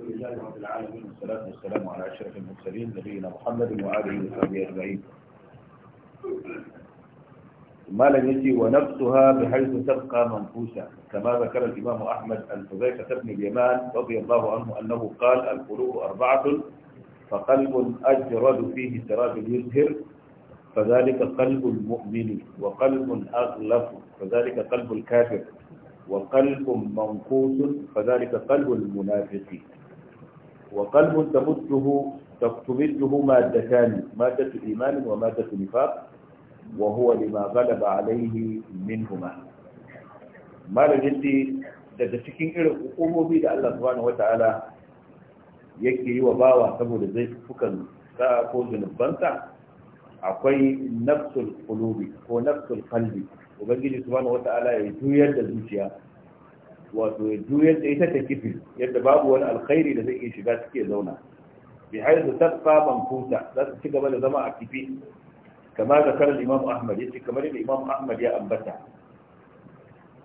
الحمد لله رب العالمين والصلاة والسلام على أشرف المرسلين نبينا محمد وآله وصحبه أجمعين ما لم يجي ونفسها بحيث تبقى منفوسة كما ذكر الإمام أحمد عن حذيفة بن اليمان رضي الله عنه أنه قال القلوب أربعة فقلب أجرد فيه سراب يزهر فذلك قلب المؤمن وقلب أغلف فذلك قلب الكافر وقلب منقوص فذلك قلب المنافقين وقلب تمده تمده مادتان مادة إيمان ومادة نفاق وهو لما غلب عليه منهما ما لجدي daga cikin irin hukumomi da Allah subhanahu ta'ala) yake yi wa bawa saboda zai fukan sa ko zunubansa akwai nafsul qulubi ko nafsul qalbi ubangiji subhanahu ta'ala) ya juyar da zuciya wato ya juyar da ita ta kifi yadda babu wani alkhairi da zai iya shiga suke zauna bi haizu tabqa manfusa za su ci gaba da zama a kifi kamar da karar imam ahmad ya yace kamar yadda imam ahmad ya ambata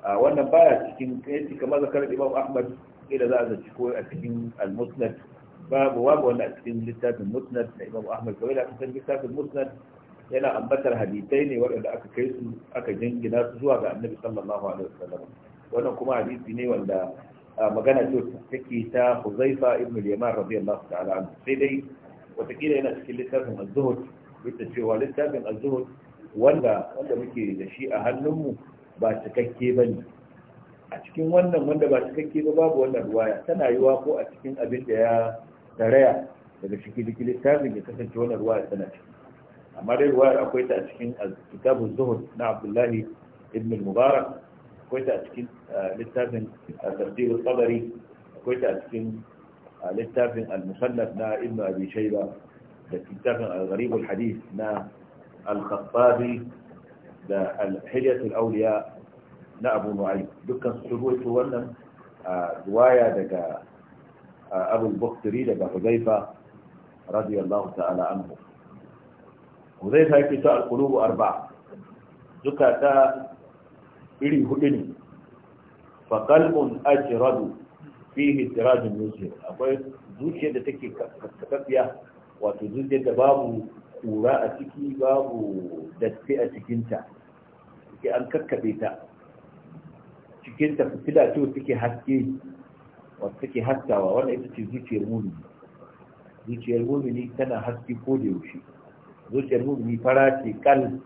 a wannan baya cikin yace kamar da karar imam ahmad ila za a zaci ko a cikin al-musnad babu babu wani a cikin littafin musnad da imam ahmad kawai da cikin littafin musnad yana ambatar hadisai ne waɗanda aka kai su aka jingina su zuwa ga annabi sallallahu alaihi wasallam wannan kuma hadisi ne wanda magana ce take ta Huzaifa ibn al-Yaman radiyallahu ta'ala anhu sai dai watakila yana cikin littafin az-Zuhd duk da cewa littafin az-Zuhd wanda wanda muke da shi a hannunmu ba cikakke bane a cikin wannan wanda ba cikakke ba babu wannan ruwaya tana yiwa ko a cikin abin da ya daraya daga cikin cikin littafin ya kasance wannan ruwaya tana ciki amma dai ruwayar akwai ta a cikin kitabun zuhud na abdullahi ibn mubarak كويتا أتكين آه، للتابن الترتيب الطبري كويتا أتكين آه، للتابن المخلف نا ابن أبي شيبة للتابن الغريب الحديث نا الخطابي دا الحلية الأولياء نا أبو نعيم آه، دكا سبوة تولن دوايا دكا أبو البختري دكا حذيفة رضي الله تعالى عنه حذيفة في القلوب أربعة دكا تا iri hudu ne fa kalbun ajradu fihi tirajun yusir akwai zuciyar da take kafiya wato zuciyar da babu kura a ciki babu datti a cikinta take an kakkabe ta cikinta fitila ce take haske wato take haskawa wanda ita ce zuciyar mumini zuciyar mumini tana haske ko da yaushe zuciyar mumini fara ce kal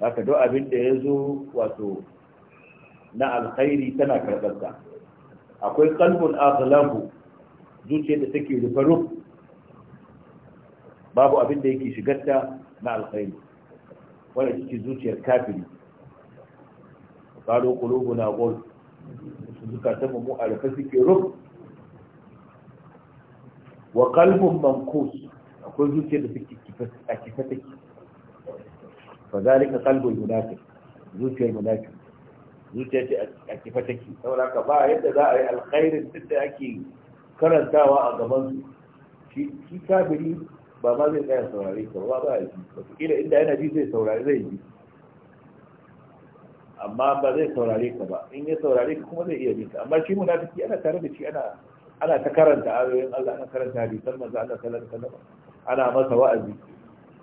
haka duk abin da ya zo wato na alkhairi tana karɓarsa akwai kalbun aghlabu zuciya da take rufe ruf babu abin da yake shigarta na alkhairi wanda take zuciyar kafiri karo kulubu na gol ta mu a rufe suke ruf wa kalbun mankus akwai zuciya da take a kifa take fa zalika qalbul munafiq zuciyar munafiq zuciya ce a kifa take ka ba yadda za a yi alkhairin duk da ake karantawa a gaban su shi kafiri ba ma zai tsaya saurare ka ba ba yi wataƙila inda yana ji zai saurare zai ji amma ba zai saurare ka ba in ya saurare ka kuma zai iya bi ka amma shi munafiki ana tare da shi ana ta karanta ayoyin Allah ana karanta hadisan manzo Allah sallallahu alaihi wasallam ana masa wa'azi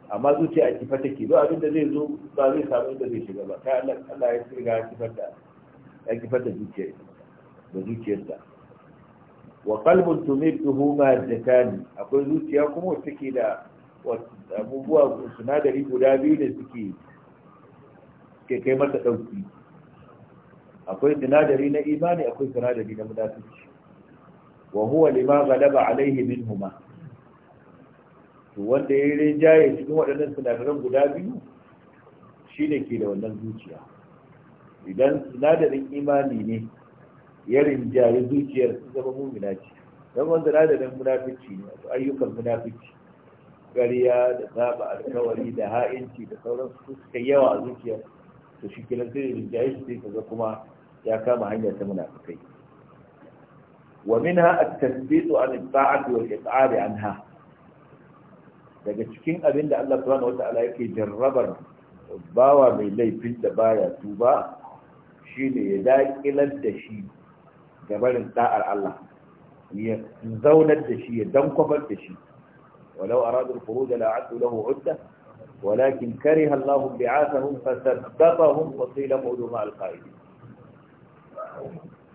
amma zuciya a kifa take ba abin da zai zo ba zai samu inda zai shiga ba kai Allah Allah ya tsira ya kifar da ya kifa da zuciya da zuciyarsa wa qalbun tumidduhu ma zakani akwai zuciya kuma wacce take da abubuwa sinadari guda biyu da suke ke kai mata dauki akwai sinadari na imani akwai sinadari na munafici wa huwa lima ghalaba alaihi minhumah to wanda ya rinjaye cikin waɗannan sinadaran guda biyu shi ne ke da wannan zuciya idan sinadarin imani ne ya rinjaye zuciyar su zama mumina ce don wanda sinadarin munafici ne wato ayyukan munafici ƙarya da zaba alkawari da ha'inci da sauran su suka yawa a zuciya to shi kiran sai rinjaye su sai kaga kuma ya kama hanyar ta munafikai wa minha at-tasbitu an at anha daga cikin abin da Allah subhanahu wata'ala yake jarrabar bawa mai laifin da baya tuba shine ya daƙilar da shi ga barin da'ar Allah ya zaunar da shi ya dankwabar da shi walau aradul furuj la a'tu lahu 'udda walakin kariha Allah bi'athahum الله بعاثهم فثبتهم وقيل مؤذوا مع القائدين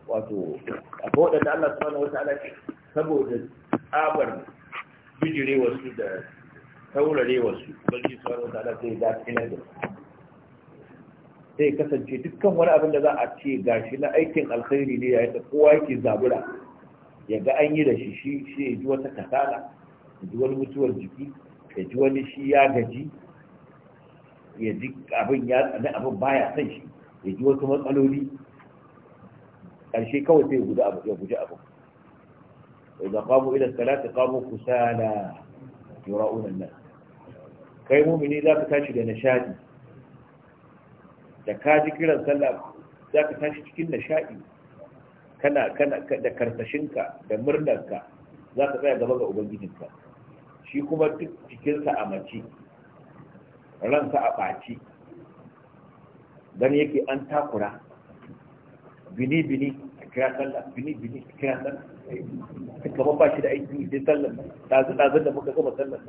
wato abu da Allah subhanahu wataala saboda abar bijirewa su da taurare wasu ubangi subhanahu wataala sai ya tsinar da sai kasance dukkan wani abin da za a ce gashi na aikin alkhairi ne yayin da kowa yake zabura ya ga an yi da shi shi shi ya ji wata kasala ya ji wani mutuwar jiki ya ji wani shi ya gaji ya ji abin ya tsani abin baya son shi ya ji wasu matsaloli ƙarshe kawai sai ya guji abin إذا قاموا إلى الصلاة قاموا كسالى يراؤون nan. kai mumini za ka tashi da nishadi da ka ji kiran sallah za ka tashi cikin nishadi kana kana da karsashinka da murnarka za ka tsaya gaba ga ubangijinka shi kuma duk jikinsa a mace ransa a ɓaci dan yake an takura bini bini a kira sallah bini bini a kira sallah kamar ba shi da aiki sai sallah ɗazu ɗazu da muka gama sallah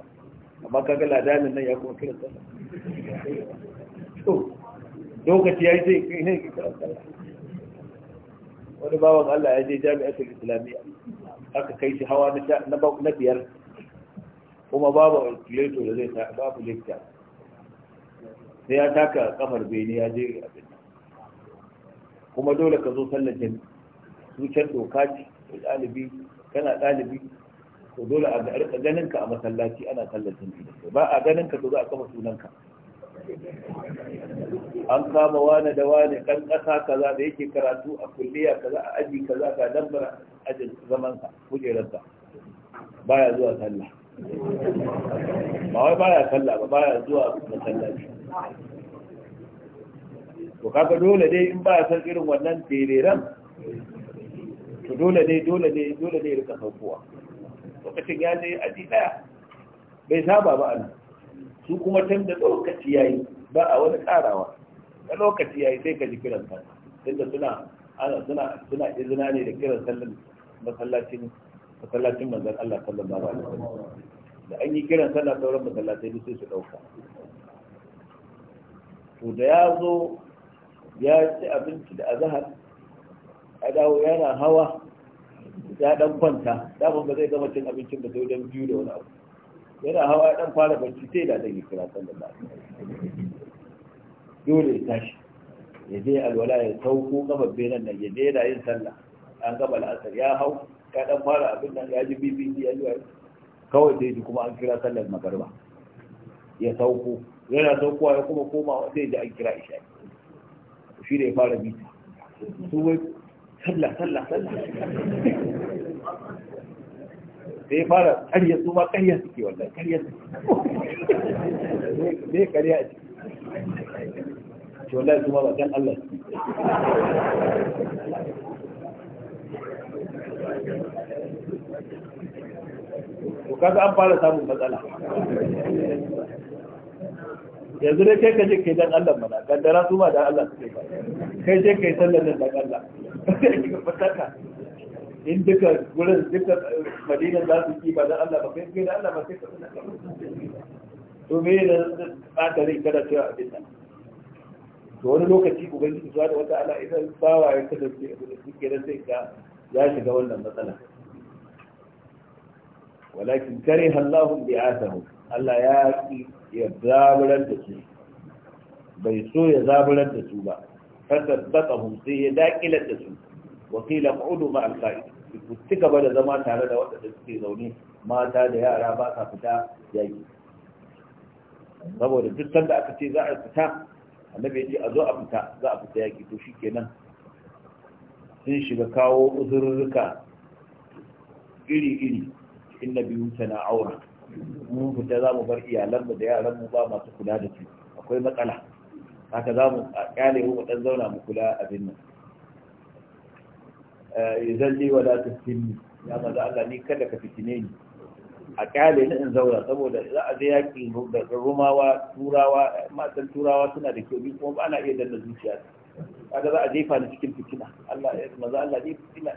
amma kaga ladanin nan ya kuma kiran sallah to lokaci yayi sai ne kiran sallah wani bawan Allah ya je jami'atul islamiyya aka kai shi hawa na na biyar kuma babu leto da zai ta babu lecture sai ya taka kafar bene ya je abin kuma dole ka zo sallar jami'a su can doka ce ɗalibi kana ɗalibi to dole a rika ganin ka a masallaci ana tallafin ka ba a ganin ka to za a kama sunan ka an kama wane da wane kan ƙasa kaza da yake karatu a kulliya kaza a aji kaza ga dambara ajin kujerar kujerarsa baya zuwa sallah ba wai baya sallah ba baya zuwa masallaci to kaga dole dai in ba san irin wannan tereren to dole dai dole dai dole dai rika saukowa lokacin ya je aji daya bai saba ba a su kuma can da lokaci ya yi ba a wani karawa da lokaci ya yi sai ka ji kiran sa tun da suna suna suna izina ne da kiran sallar masallacin masallacin manzan Allah sallallahu alaihi wasallam da an yi kiran sallah sauran masallatai duk sai su dauka to da ya zo ya ci abinci da azahar a dawo yana hawa ya dan kwanta daman ba zai gama cin abincin ba sai wajen biyu da wani abu yana hawa ya dan fara barci sai da zai kira sallar da dole ya tashi ya je alwala ya sauko gaba benan nan ya je yana yin sallah an gaba al'asar ya hau ya dan fara abin nan ya ji bbc ya ji kawai sai ji kuma an kira sallar magarba ya sauko yana saukowa ya kuma komawa sai ji an kira isha shi da ya fara bita su wai sallah sallah sallah sai ya fara karya su ma karya suke wallahi karya suke me karya a ciki to wallahi su ma ba dan Allah suke to kaga an fara samun matsala yanzu dai kai ka je kai dan Allah mana gandara su ma dan Allah suke ba kai je kai sallar dan Allah fataka in duka gurin duka madinan za su ki ba da Allah ba kai kai da Allah ba sai ka to me ne tsaka rai kada ta abin nan to wani lokaci ubangiji zuwa da wata ala idan bawa ya kada ce abu da suke da sai ga ya shiga wannan matsala walakin kariha Allahu bi'atahu Allah ya ki ya zaburar da su bai so ya zaburar da su ba فثبتهم سي داكلة دسو وقيل اقعدوا مع القائد كتك بدا زما تعالى دا وقت تسكي زوني ما تادا يا رابا كفتا ياي saboda duk sanda aka ce za a fita annabi ya ce a zo a fita za a fita yaki to shikenan sun shiga kawo uzurruka iri-iri inna biyu mun fita za mu bar iyalanmu da yaranmu ba masu kula da su akwai matsala haka za mu kyale mu dan zauna mu kula abin nan eh, yuzalli wa la tusinni ya maza Allah ni kada ka fitine ni a kyale ni in zauna saboda za a je yaki da rumawa turawa matan turawa suna da kyau kuma ba na iya danna zuciya kaga za a jefa ni cikin fitina Allah ya maza Allah ni fitina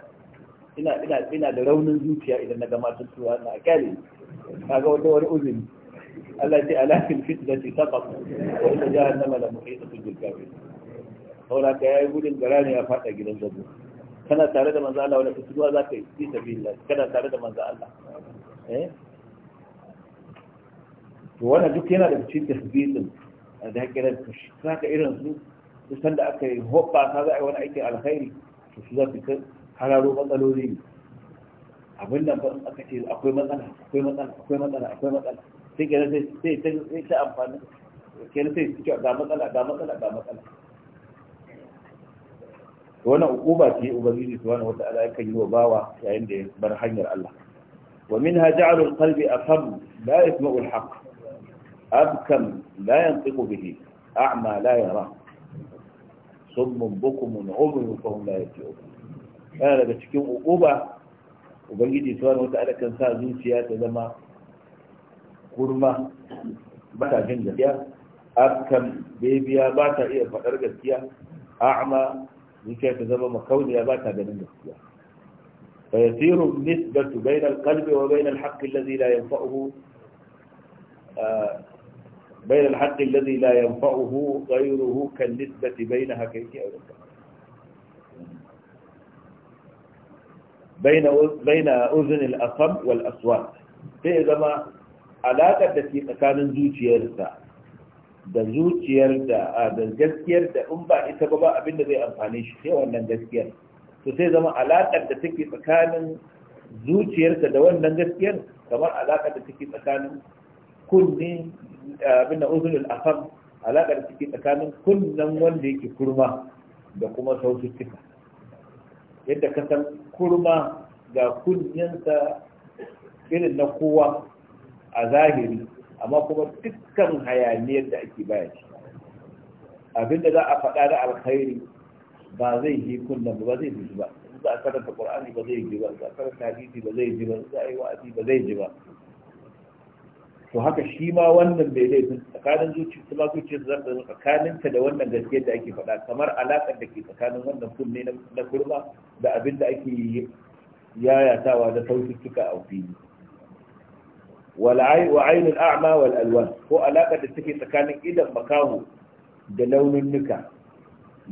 ina ina ina da raunin zuciya idan na ga matan turawa na kyale kaga wata wani uzuri التي ألاك الفتنة تقف وإن جهنم لمحيطة بالكافرين هناك يا يقول الجلاني يا فتى جل الجبر كان تعرض من زعل ولا تسدوا ذاك في سبيل الله كان تعرض من زعل إيه وانا جوك هنا اللي بتشيل تخبيل هذا كده مش فاكر ايه الرسول استنى اكل هوبا هذا وانا ايتي على خيري شوف ذاك كده حالا لو بطلوا لي عملنا بقى كتير اقوى مثلا اقوى مثلا اقوى مثلا اقوى مثلا sai kenan sai sai ta amfani kenan sai suke ga matsala ga matsala ga matsala wannan ukuba ce ubangiji subhanahu wata'ala ya kan yi wa bawa yayin da ya bar hanyar Allah wa minha ja'alu al-qalbi afam la yasma'u al-haqq abkam la yantiqu bihi a'ma la yara summun bukumun umru fa la yati'un yana daga cikin ukuba ubangiji subhanahu wata'ala kan sa zuciya ta zama kurma ba ta jin gaskiya akan bebiya ba ta iya faɗar gaskiya a'ma zuciya ta zama makauniya ba ta ganin gaskiya fa yasiru nisbatu bayna alqalbi wa bayna al alladhi la yanfa'uhu بين الحق الذي لا ينفعه غيره كالنسبة بين هكيك أو بين بين أذن الأصم والأصوات في زما alaƙar da ke tsakanin zuciyarsa da zuciyar da da gaskiyar da in ba ita ba abinda zai amfani shi sai wannan gaskiyar to sai zama alaƙar da take tsakanin zuciyarsa da wannan gaskiyar kamar alaƙar da take tsakanin kunne abin da uzunul afam alaƙar da take tsakanin kunnan wanda yake kurma da kuma cika. yadda ka san kurma ga kunyansa irin na kowa a zahiri amma kuma dukkan hayaniyar da ake bayani Abin abinda za a faɗa da alkhairi ba zai yi kullum ba zai yi ba za a karanta qur'ani ba zai yi ba za a karanta hadisi ba zai yi ba za a yi wa'azi ba zai yi ba to haka shi ma wannan bai laifin tsakanin zuci kuma zuci za ta tsakanin ta da wannan gaskiyar da ake faɗa kamar alaƙar da ke tsakanin wannan kunne na kurma da abin da ake yayatawa da saututtuka a fili wal a'ma wal alwan ko alaka da take tsakanin idan makahu da launin nuka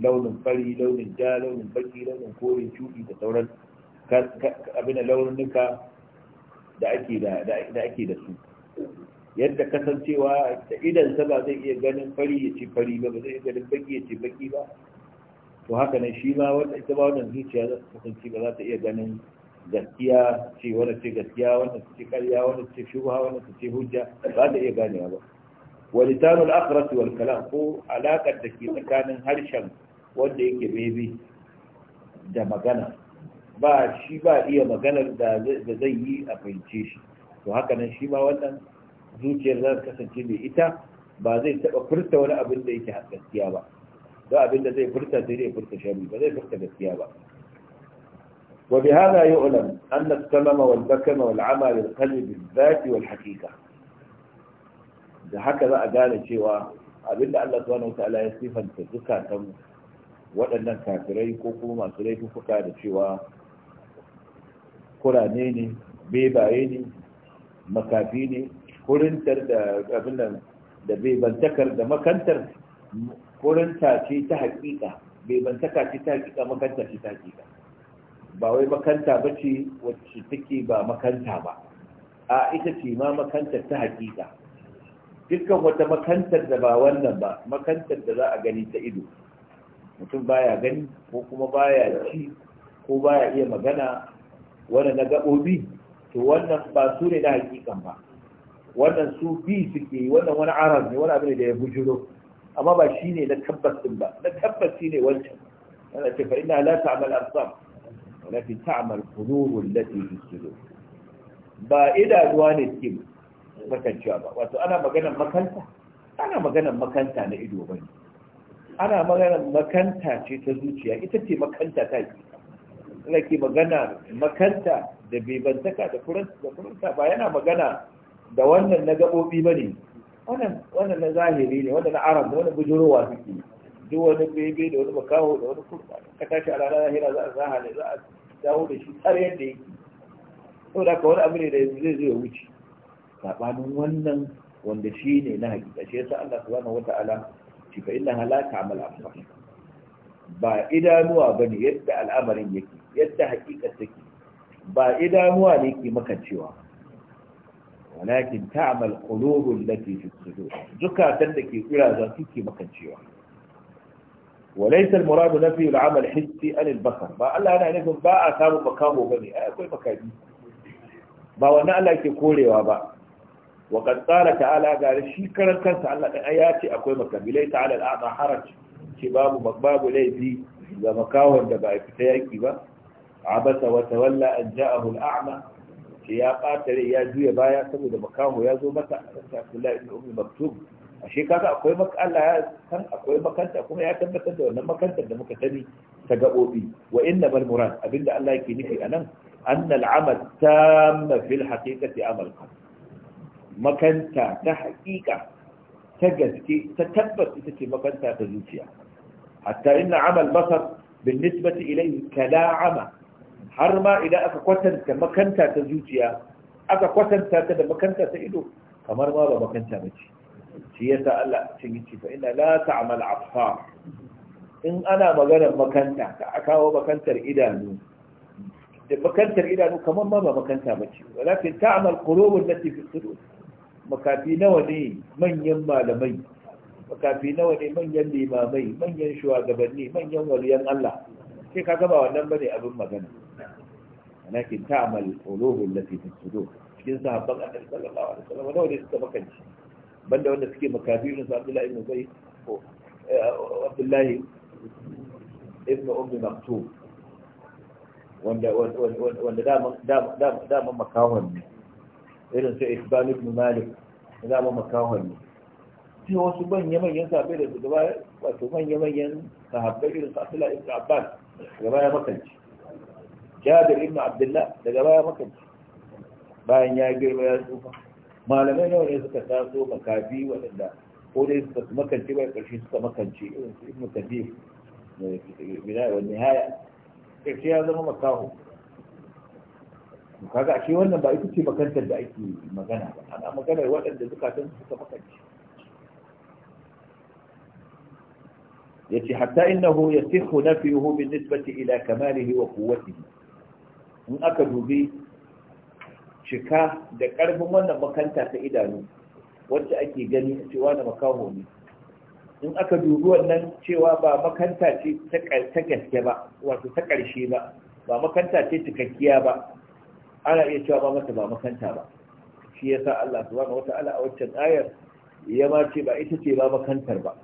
launin fari launin ja launin baki launin kore cuɗi da sauran abin da launin nuka da ake da ake da su yadda kasancewa da idan sa ba zai iya ganin fari ya ce fari ba ba zai iya ganin baki ya ce baki ba to haka nan shi ma wanda ita ba wannan zuciya za ta kasance ba za ta iya ganin gaskiya ce wani ce gaskiya wani ce karya wani ce shubha wani ce hujja ba da iya gane ba walitanul akhras wal kalam ko alakar da ke tsakanin harshen wanda yake bebe da magana ba shi ba iya maganar da zai yi a fahimce shi to haka nan shi ma wannan zuciyar za ta kasance mai ita ba zai taɓa furta wani abin da yake gaskiya ba don abin da zai furta zai furta shari ba zai furta gaskiya ba وبهذا يؤلم أن السمم والبكم والعمى للقلب بالذات والحقيقة da haka za a gane cewa abinda Allah subhanahu wataala ya sifanta zukatan waɗannan kafirai ko kuma masu laifuka da cewa kurane ne bebaye ne makafi ne da abin nan da makantar kurinta ta hakika bebantaka ce ta hakika makantar ce ta hakika ba wai makanta ba ce wacce take ba makanta ba a ita ce ma makantar ta hakika dukkan wata makantar da ba wannan ba makantar da za a gani ta ido mutum baya gani ko kuma baya ci ko baya iya magana wanda na gaɓoɓi to wannan ba su ne na hakikan ba wannan su bi suke wannan wani aras ne wani ne da ya bujuro amma ba shi ne na tabbas din ba na tabbas shi ne wancan yana ce fa ina la ta'mal absam التي تعمل قلوب التي في الصدور ba idanuwa ne suke makancewa ba wato ana maganar makanta ana maganar makanta na ido ba ne ana maganar makanta ce ta zuciya ita ce makanta ta yi ana ke magana makanta da bebantaka da kuranta ba yana magana da wannan na gaɓoɓi ba ne wannan na zahiri ne wannan na aram da wannan bujurowa suke duk wani bebe da wani makaho da wani kurba ka tashi a ranar hira za a zaha ne za a dawo da shi har yadda yake saboda ka wani abu ne da zai zo ya wuce sabanin wannan wanda shi ne na hakika shi yasa Allah subhanahu wata'ala shi fa inna halaka amal afsar ba idanuwa bane yadda al'amarin yake yadda hakika take ba idanuwa ne ke makancewa walakin ta'mal qulubul lati fi sudur zukatan da ke kira za su ke makancewa وليس المراد نفي العمل الحسي عن البصر ba Allah yana nufin ba a samu makamo bane ai akwai makami ba wannan Allah ke korewa ba wa qad qala ta'ala ga shi karan kansa Allah din ya ce akwai makami lai ta'ala al'ama haraj ce babu babu laifi ga makawon da ba a fita yaki ba abasa wa tawalla an ja'ahu al'ama ce ya ɓata rai ya juya baya saboda makaho ya zo masa a Maktub ashe kaga akwai Allah ya san akwai makanta kuma ya tabbatar da wannan makantar da muka sani ta gabobi wa inna bal murad abinda Allah yake nufi anan anna al'amal tamma fil haqiqati amal makanta ta haƙiƙa ta gaske ta tabbata ita ce makanta ta zuciya hatta inna amal basar بالنسبة إليه كلا عمى har ma idan aka kwatanta makanta ta zuciya aka kwatanta ta da makanta ta ido kamar ma ba makanta ba ce shi ya Allah cin yace fa inna la ta'mal absar in ana maganar makanta ka akawo makantar idanu da makantar idanu kamar ma ba makanta bace walakin ta'mal qulub allati fi sudur makafi nawa ne manyan malamai makafi nawa ne manyan limamai manyan shugabanni manyan waliyan Allah sai ka gaba wannan bane abin magana walakin ta'mal qulub allati fi sudur cikin sahabban annabi sallallahu alaihi wasallam nawa ne suka makanci banda wanda suke makafirin su abdullahi ibn zai ko eh, abdullahi ibn ummi maktum wanda wanda dama dama makahon ne irin sai ibn ibn malik dama makahon ne sai wasu manya manyan sahabbai da gaba wato manya manyan sahabbai irin su abdullahi ibn abbas ma ya makanci jabir ibn abdullah daga baya makanci bayan ya girma ya tsufa malamai nawa ne suka taso makafi waɗanda ko dai suka makance bai ƙarshe suka makance irin su ibnu kadir bidaya wa nihaya ƙarshe ya zama makaho kaga ashe wannan ba ita ce makantar da ake magana ba ana maganar waɗanda zukatan suka makance yace hatta innahu yasihu nafyuhu bin nisbati ila kamalihi wa quwwatihi in aka dubi shika da ƙarfin wannan makanta ta idanu wacce ake gani a cewa na makaho ne in aka dubi wannan cewa ba makanta ce ta gaske ba wato ta ƙarshe ba ba makanta ce cikakkiya ba ana iya cewa ba mata ba makanta ba shi yasa Allah subhanahu wata'ala a waccan ayar ya ma ce ba ita ce ba makantar ba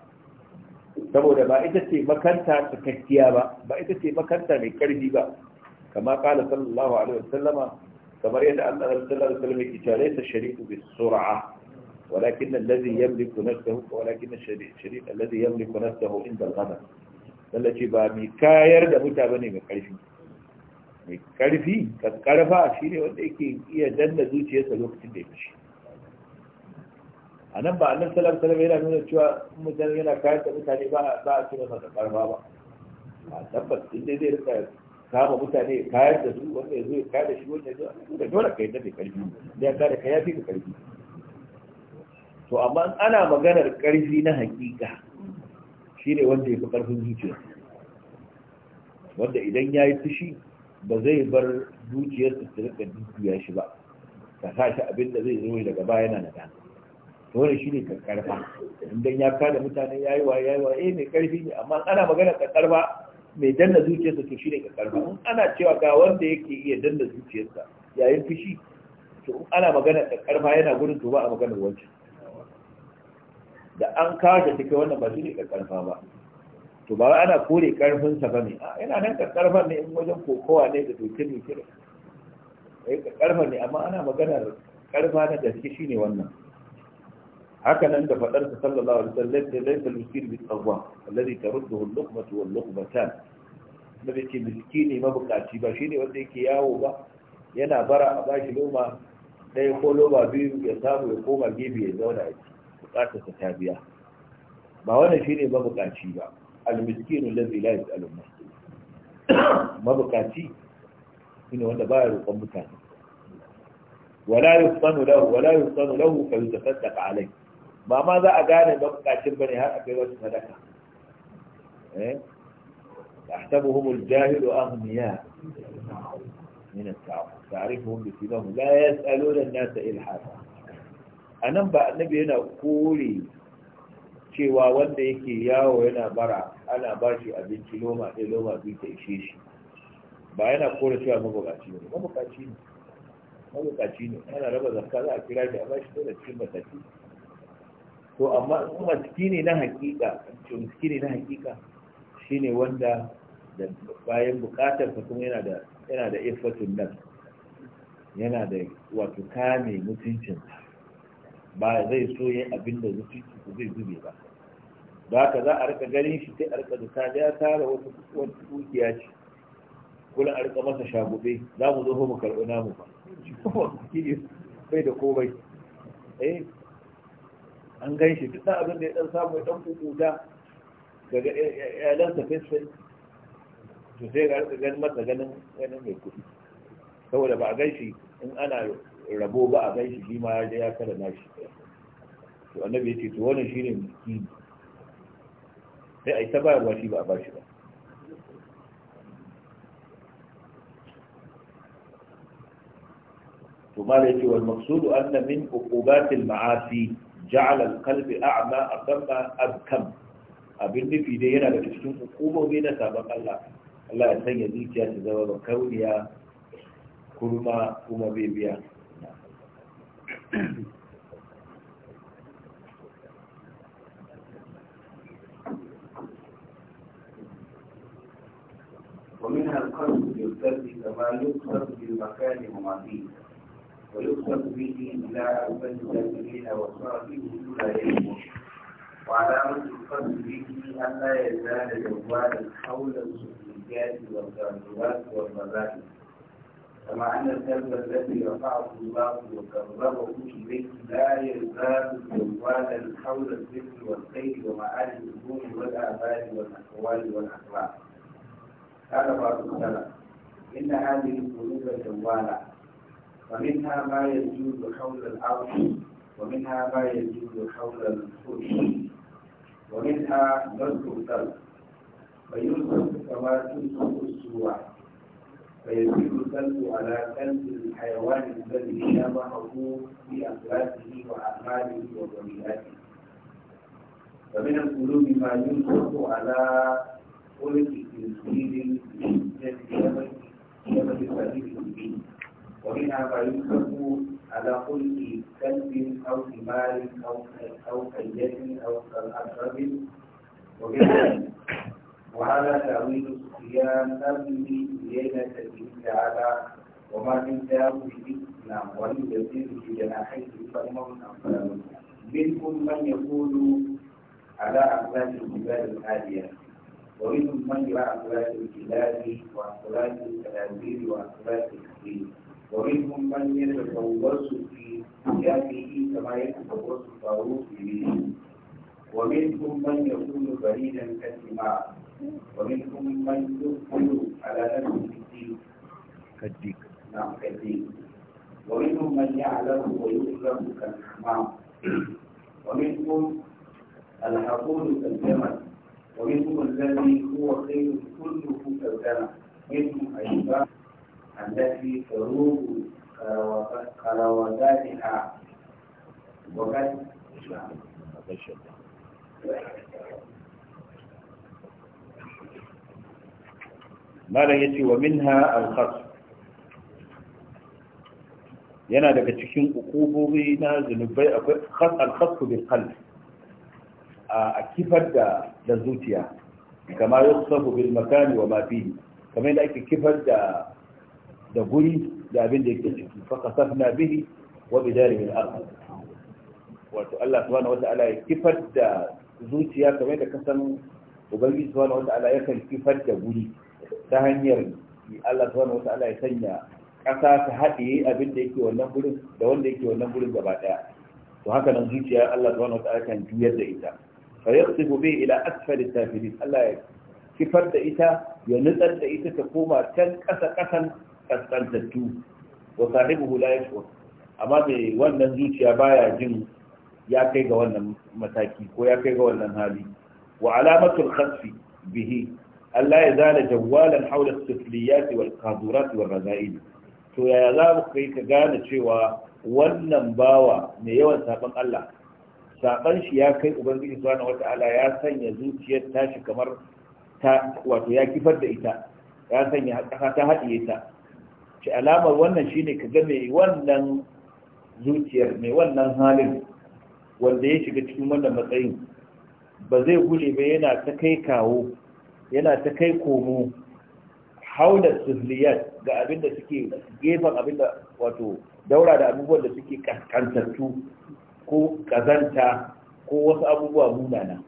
saboda ba ita ce makanta cikakkiya ba ba ita ce makanta mai ƙarfi ba kama kala sallallahu alaihi wasallama كبرية أن صلى الله عليه وسلم ليس الشريك بالسرعة ولكن الذي يملك نفسه ولكن الشريك الذي يملك نفسه عند الغضب التي با ميكاير ده متابني مكالفي مكالفي كالفا شيري وده كي إيا جنة دوتي يسلوك تدي مشي أنا با أن صلى الله عليه وسلم يلا شوى مجنين أكاير ده متابني با با سنة مدى قرفا با ما تبت إنه دي رتا kama mutane kayar da su wanda ya zo ya kayar da shi wanda ya zo da dole ka yi dafe karfi da ya kare ka ya fi ka karfi to amma ana maganar karfi na hakika shi ne wanda ya fi karfin zuciya wanda idan ya yi fushi ba zai bar zuciyarsa ta rika dukiya shi ba ka sa shi abin da zai zo daga baya yana To dole shi ne karfa idan ya kada mutane ya yi waye ya yi eh, mai karfi ne amma ana maganar karfa mai danna zuciyarsa to shine ka karba in ana cewa ga wanda yake iya danna zuciyarsa yayin fushi to in ana magana ka karba yana gurin to ba a magana wancan da an kawo da take wannan ba shine ka karba ba to ba ana kore karfin sa bane a yana nan ka karban ne in wajen kokowa ne da dokin ne kira eh ka karba ne amma ana magana karba na gaske shine wannan haka nan da faɗar sa sallallahu alaihi wasallam laysa miskin bi qawwa alladhi tarudduhu al-luqmatu wal luqmatan da yake miskini mabukaci ba shine wanda yake yawo ba yana bara a bashi loma ɗaya ko loma biyu ya samu ya koma gefe ya zauna a bukatar sa ta biya ba wannan shine mabukaci ba al-miskinu alladhi la yas'alu mabukaci shine wanda baya roƙon mutane wala yusanu lahu wala yusanu lahu fa yutasaddaq alayhi ba ma za a gane mabukacin bane har akwai wasu sadaka eh tahsabuhum al-jahilu aghniya min al-ta'awun ta'rifuhum bi sibahum la yas'aluna an-nasa ilhafa anan ba annabi yana kore cewa wanda yake yawo yana bara ana ba shi abinci loma ɗaya loma biyu ta ishe shi ba yana kore cewa mabukaci ne mabukaci ne mabukaci ne ana raba zakka za a kira shi a ba shi dole cikin mataki to amma kuma ne na hakika ciki ne na hakika shine wanda da bayan bukatar sa kuma yana da yana da iffatun nan yana da wato kame mutuncin ba zai so yin abin da mutunci zai zube ba ba ka za a rika ganin shi sai a rika da ta ya tara wata dukiya ce kullum a rika masa shagube za mu zo mu karɓi namu ba shi kuma miskini bai da komai eh an gan shi duk abin da ya dan samu ya dan da daga iyalansa fesfes to sai ga rika ganin mata ganin ganin mai kudi saboda ba a gan shi in ana rabo ba a gan shi shi ma ya kada na shi to annabi ya ce to wannan shine miskini sai a yi ta bayarwa shi ba a bashi ba to ma da yake wal maqsudu anna min uqubatil ma'asi جعل القلب أعمى أبما أبكم أبن في دينا لكشتون حكومة بينا سابق الله الله يسن يزيك يا سيزاوة كونيا كرما كما بيبيا ومنها القلب يلتزم كما يقصد بالمكان المعديه ويقصد به إلى عباد الكافرين وصاحبه لا يهمه وعلامة القصد به أن لا يزال جوالا حول السلوكيات والتعبيرات والمذاهب كما أن الكلب الذي رفعه الله وكرمه إليه لا يزال جوالا حول الذكر والخير ومعاني الأمور والاعمال والأحوال والأخلاق قال بعض السلف إن هذه القلوب جوالة ومنها ما يجوز حول العرش ومنها ما يجوز حول الفرش ومنها ملك القلب فينصب كما تنصب السوى فيزيد القلب على قلب الحيوان الذي شابهه في أخلاقه وأعماله وضميراته ومن القلوب ما ينصب على خلق تنزيل بشدة شبه شبه صاحبه به ومنها ما يكتب على كل كلب أو حمار أو أو كيد أو كالأشرب وغيره وهذا تأويل الصيام ابن عيينة به تعالى وما من به نعم ولم يزيد في جناحيه فامر أمثالهم منهم من يقول على أقلال الجبال الاليه ومنهم من يرى أقلال الكلاب وأقلال الخنازير وأقلال الحرير ومنهم من يتفوز في ثيابه كما يتفوز الطاووس به ومنهم من يكون بريدا كالدماء ومنهم من يدخل على نفسه الدين كالديك نعم كالديك ومنهم من يعلم ويؤلم كالحمام ومنهم الحقول كالجمل ومنهم الذي هو خير كله كالجمل منهم أشباه التي تروج قرواتها وقد malam ya ce wa minha alkhas yana daga cikin ukubobi na zunubai akwai khas alkhasu bil qalbi a kifar da da zuciya kama yusufu bil makani wa ma fihi kamar da ake kifar da da guri da abin da yake ciki fa kasafna bihi wa bidarihi al-ard wato Allah subhanahu wata'ala ya kifar da zuciya kamar da kasan ubangiji subhanahu wata'ala ya kan kifar da guri ta hanyar Allah subhanahu wata'ala ya sanya ƙasa ta haɗe abin da yake wannan gurin da wanda yake wannan gurin gaba ɗaya to haka nan zuciya Allah subhanahu wata'ala kan juyar da ita fa yaqtifu bi ila asfali safilin Allah ya kifar da ita ya nutsar da ita ta koma can ƙasa ƙasan kaskantattu wa sahibu la yashur amma mai wannan zuciya baya jin ya kai ga wannan mataki ko ya kai ga wannan hali wa alamatul khasfi bihi Allah ya zala jawwalan haula sufliyat wal qadurat wal razail to yaya za mu kai ka gane cewa wannan bawa mai yawan saban Allah saban shi ya kai ubangiji subhanahu wata'ala ya sanya zuciyar tashi kamar ta wato ya kifar da ita ya sanya kasa ta haɗiye ta ci alamar wannan shine ka ga mai wannan zuciyar mai wannan halin wanda ya shiga cikin wannan matsayin ba zai gule ba yana ta kai kawo yana ta kai komo haula sufliyar ga abinda suke gefen abinda wato daura da abubuwan da suke kantattu ko kazanta ko wasu abubuwa munana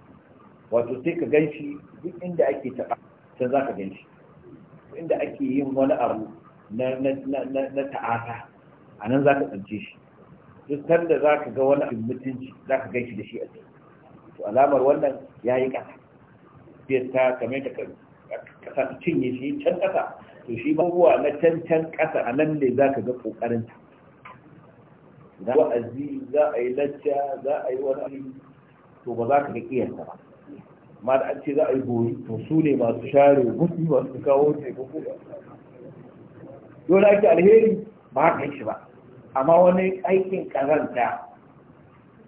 wato sai ka ganshi duk inda ake taɓa can za ka ganshi inda ake yin wani abu na ta'ata a nan za ka tsance shi duk sanda za ka ga wani abin mutunci za ka gaishe da shi a ciki to alamar wannan ya yi ƙasa fiye ta kamar ta ƙasa ta cinye shi can ƙasa to shi abubuwa na can can ƙasa a nan ne za ka ga ƙoƙarin ta za wa'azi za a yi lacca za a yi wani to ba za ka ga ƙiyarta ba amma da an ce za a yi gori to su ne masu share gudu masu kawo teku dole ake alheri ba haka yake ba amma wani aikin karanta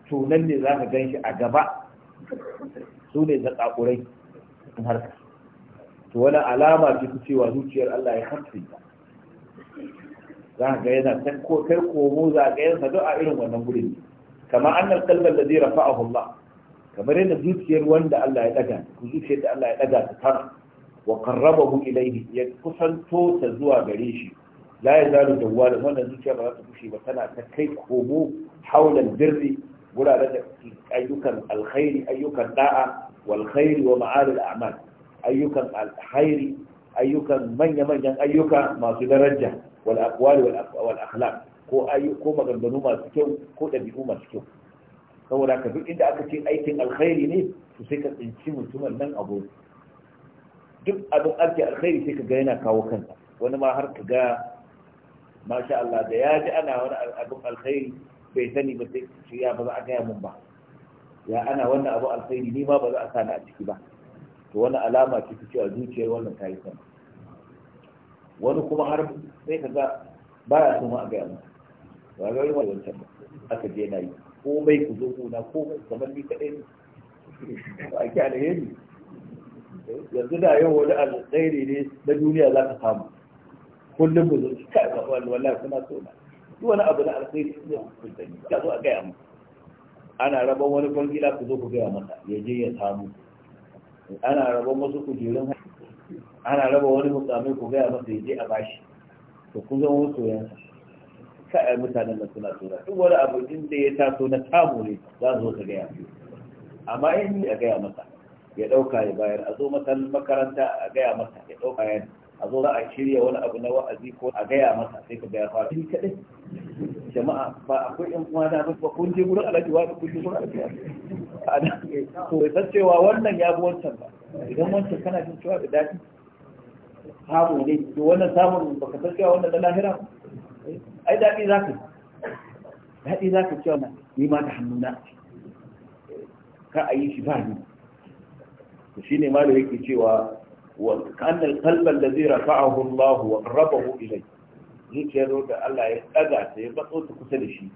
tunan ne za ka gan shi a gaba su ne ƙaƙurai in harka to wani alama ce ta cewa zuciyar Allah ya hafi za ka ga yana san ko kai komo za ka yansa sa a irin wannan gurin ne kamar annal zai rafa rafa'ahu Allah kamar yadda zuciyar wanda Allah ya daga ku zuciyar da Allah ya daga ta tara wa qarrabahu ilayhi ya kusanto ta zuwa gare shi la ya zalu dawwala wannan zuciya ba za ta bushe ba tana ta kai komo haulan birri guraren da ayyukan alkhairi ayyukan da'a wal wa ma'al ayyukan alkhairi ayyukan manya ayyuka masu daraja wal aqwal wal akhlaq ko ko maganganu masu kyau ko dabi'u masu kyau saboda ka duk inda aka ce aikin alkhairi ne to sai ka tsinci mutumin nan abu duk abin aiki alkhairi sai ka ga yana kawo kanta, wani ma har ka ga masha Allah da ya ji ana wani abin alkhairi bai sani ba sai shi ya ba za a gaya mun ba ya ana wannan abu alkhairi ni ma ba za a sani a ciki ba to wani alama ce ta cewa zuciyar wannan ta yi sama wani kuma har sai ka ga baya so ma a gaya mun ba ga yawan wancan ba aka je na yi komai ku zo kuna komai kamar ni kaɗai ne ba a kyale yanzu da yau wani alkhairi ne na duniya za ka samu kullum ba zo ki kai ba wallahi suna so na duk wani abu na alkhairi ne ku sani ka zo a gaya mu ana rabon wani bangila ku zo ku gaya masa ya je ya samu ana rabon wasu kujerun ana raba wani mukamai ku gaya masa ya je a bashi to kun zama wasu yansa ka ai mutanen da suna na duk wani abu da ya taso na samu ne za su zo ka gaya amma in a gaya masa ya ɗauka ya bayar a zo masa makaranta a gaya masa ya ɗauka ya a zo a shirya wani abu na wa'azi ko a gaya masa sai ka gaya fara ni kadai jama'a ba akwai yan kuma da ba kun je gurin alhaji wa kun je gurin alhaji ana ko bai san cewa wannan ya bi wancan ba idan wancan kana jin cewa da daɗi samu ne to wannan samun ba san cewa wannan na lahira ai daɗi za ka daɗi za ka cewa ni ma da hannuna ka a yi shi ba ni to shine ma da yake cewa وكأن القلب الذي رفعه الله وقربه إليه zuciyar da Allah ya ɗaga ta ya batso ta kusa da shi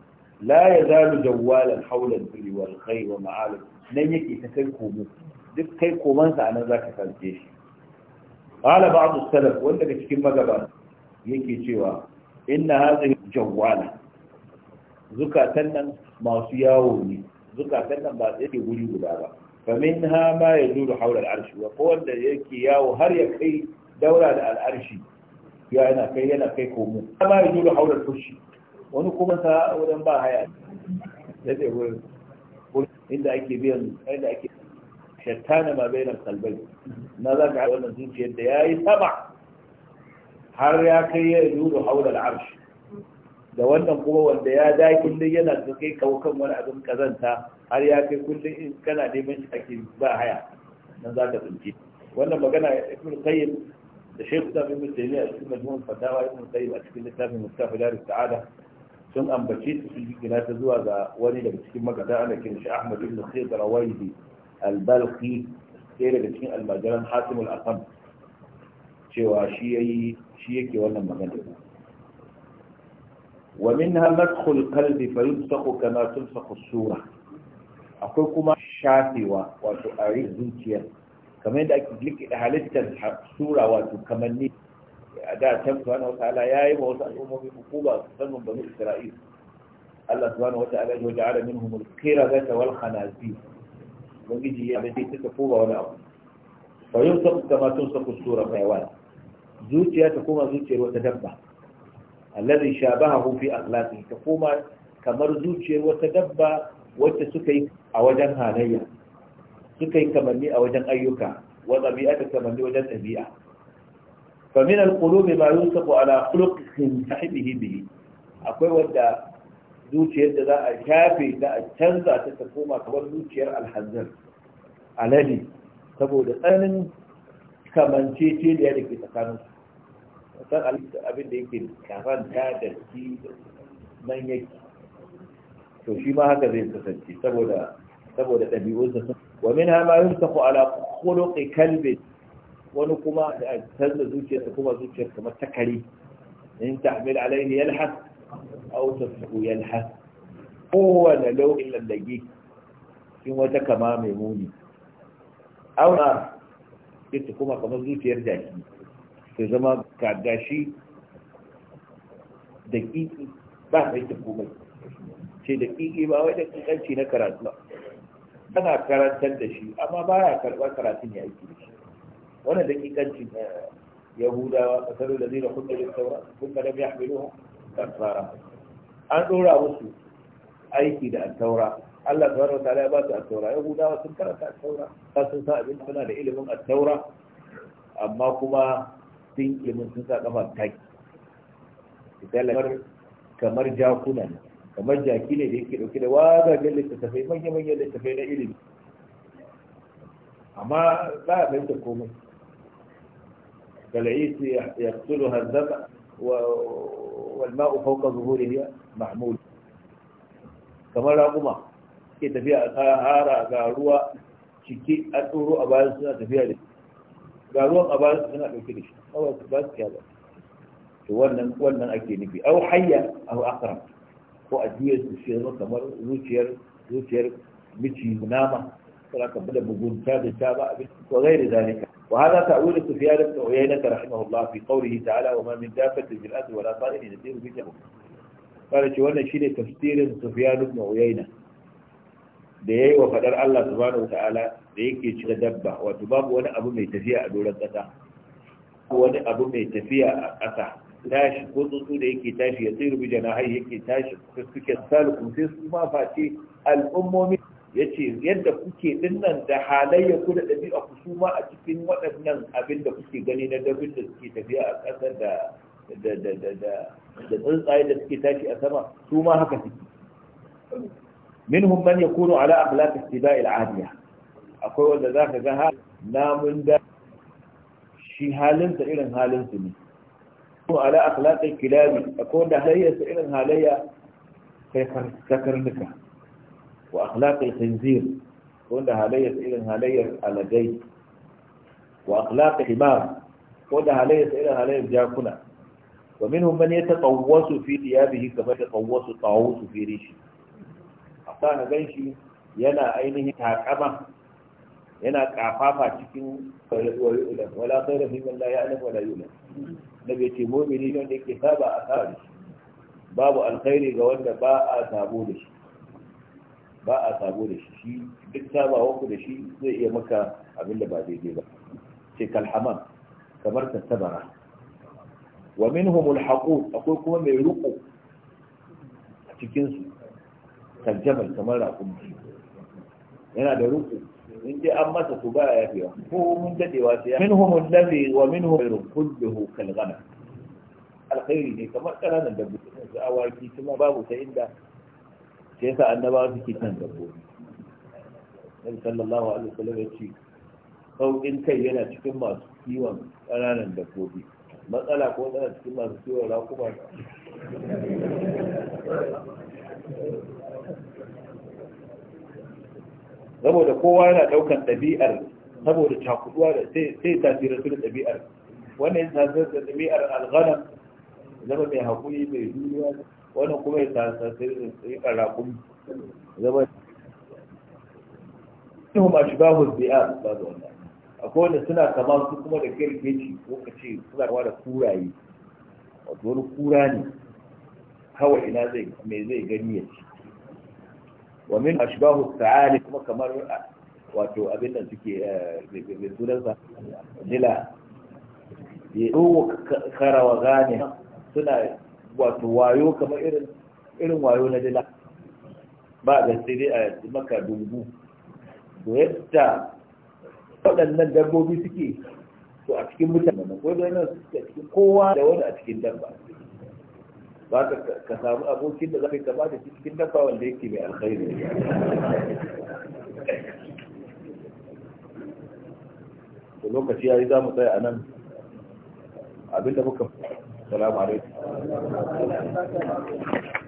la ya zalu jawwalan haulan kulli wal khay wa ma'alim nan yake ta kai komo duk kai komansa a nan za ka shi qala ba'd salaf wanda daga cikin magaba yake cewa inna hadhihi jawwala nan masu yawo ne zukatan nan ba tsaye guri guda ba famin ha ma ya zuru haular arshi wa wanda yake yawo har ya kai daura da al'arshi ya yana kai yana kai komo ma ya zuru haular fushi wani kuma sa wurin ba haya ya ce wurin inda ake biyan inda ma bai nan kalbai za ka wannan zuciyar da ya yi har ya kai ya zuru da wannan kuma wanda ya da kullum yana da kai kaukan wani abin kazanta har ya kai kullum in kana neman shi ake ba haya nan za ka tsinci wannan magana ibn qayyim da shaykh da ibn mutane a cikin majmu'ul fatawa ibn qayyim a cikin littafin mustafa da sa'ada sun ambace su sun gina ta zuwa ga wani daga cikin magada ana kiran shi ahmad ibn khayd rawaidi al-balqi ɗaya daga cikin almajiran hasim al asam cewa shi yayi shi yake wannan magana ومنها مسخ القلب فيمسخ كما تمسخ الصورة akwai kuma shafewa wato a zuciya kamar yadda ake likita halittar sura wato kamanni a da can wata ala ya yi wa wasu al'ummomi hukuma musamman banu isra'il Allah wata ala subhanahu wataala ya waja'ala minhum al-qiradata wal khanazir ubangiji ya bai ta koba wani abu fa yunsaku kama tunsaku sura baywan zuciya ta koma zuciyar wata dabba alladhi shabahahu fi akhlaqihi ta koma kamar zuciyar wata dabba wacce suka yi a wajen halayya suka yi kamanni a wajen ayyuka wa ɗabi'a da kamanni wajen ɗabi'a fa min al ma yusafu ala khuluqin sahibihi bihi akwai wanda zuciyar da za a shafe da a canza ta ta koma kamar zuciyar alhazzar alali saboda tsanin kamancece da ya da ke tsakaninsu san abin da yake karanta da shi nan yake to shi ma haka zai kasance saboda saboda ɗabi'unsa sun wa min ha ma yumsaku ala khuluqi kalbi wani kuma da canza zuciyarsa kuma zuciyar kamar takari in ta tahmil alaihi yalhas aw tasfu yalhas kowane nau'in lallage cikin wata kama mai muni auna ita kuma kamar zuciyar jaki ya zama kagashi da ƙiƙi ba a yake komai ce da ƙiƙi ba wai da ƙiƙanci na karatu ba ana karantar da shi amma ba ya karɓar karatun ya aiki da shi wannan da ƙiƙanci na yahudawa a sanar da zai da kuma da saura kuma da ya hamilu tsara an ɗora musu aiki da taura Allah subhanahu wa ta'ala ya ba su al taura yahudawa sun karanta al taura sun san abin suna da ilimin al taura amma kuma sun yi mun sun sa kafa taki kamar kamar jakuna ne kamar jaki ne da yake dauke da wagagen littattafai manya manyan littattafai na ilimi amma za a fahimta komai ya kal'isi yaqtulu hazzaba wal ma'u fawqa zuhurihi mahmud kamar raguma ke tafiya a tsara ga ruwa ciki a tsoro a bayan suna tafiya da قالوا أبارك هنا في بالكريش أو بارك كذا وانا وانا اكيد نبي او حية او اقرب هو في سير تمر روتير روتير بيتي منامة ترى قبل بقول كذا كذا وغير ذلك وهذا تعويل سفيان بن عيينة رحمه الله في قوله تعالى وما من دابة في الأرض ولا طائر يطير بجهم قال شو أنا شيل تفسير سفيان بن عيينة da ya yi wa faɗar Allah subhanahu wa ta'ala da yake cika dabba wato babu wani abu mai tafiya a doron ƙasa wani abu mai tafiya a ƙasa tashi ko tsuntsu da yake tashi ya tsiru bija na hai yake tashi suke salukun sai su ma face al'ummomi ya ce yadda kuke dinnan da halayya ku da ɗabi'a ku su ma a cikin waɗannan abin da kuke gani na dabbin da suke tafiya a ƙasa da da da da da tsuntsaye da suke tashi a sama su ma haka suke minhum man yakunu ala akhlaq istiba'i al'adiya akwai wanda zaka ga namun da shi halinsa irin halinsu ne ko ala akhlaqil kilabi akwai wanda halayyarsa irin halayya kai karnuka wa akhlaqil khinzir wanda halayyar irin halayyar aladai wa akhlaq himar wanda halayyar irin halayyar jakuna wa minhum man yataqawwasu fi thiyabihi kama yataqawwasu tawusu fi rishi za ka gan shi yana ainihin takama yana kafafa cikin wala khayra fi man la ya'lam wa la nabi ce mu'mini wanda yake saba a saba babu alkhairi ga wanda ba a sabo da shi ba a sabo da shi shi duk sabawa ku da shi zai iya maka abinda ba daidai ba ce kalhaman kamar tattabara wa minhum alhaqu akwai kuma mai ruku a cikin su kan jabal kamar raƙumi yana da ruku in dai an masa to ya yafewa ko mun dadewa sai minhum allazi wa minhum khairun kulluhu kal ghanam alkhairi ne kamar kananan dabbobi su awaki kuma babu ta inda sai sa annaba su ke kan dabbobi Nabi sallallahu alaihi wasallam ya ce saukin kai yana cikin masu kiwon ƙananan dabbobi matsala ko tana cikin masu kiwon rakuma saboda kowa yana daukan ɗabi'ar saboda cakuduwa da sai tasirar su da ɗabi'ar wannan ya tasirar da ɗabi'ar alghanam zama mai haƙuri mai duniya wannan kuma ya tasirar da ɗabi'ar raƙumi zama ihum ashbahu shi ba da wannan akwai wanda suna kama su kuma da kirkeci ko kace suna kama da kuraye wato wani kura ne kawai ina zai mai zai gani ya ci wa min ashbahu ta'ali kuma kamar wato abin da suke eh, mai nila karawa gane suna wato wayo kamar irin wayo na nila ba da dai a maka dungu to waɗannan dabbobi suke to a cikin mutane ko da nan a cikin kowa da wani a cikin dabba ba ka samu abokin da zaka gaba da cikin dafawa wanda yake mai alkhairi to lokaci yayi za mu tsaya anan abinda muka salamu alaikum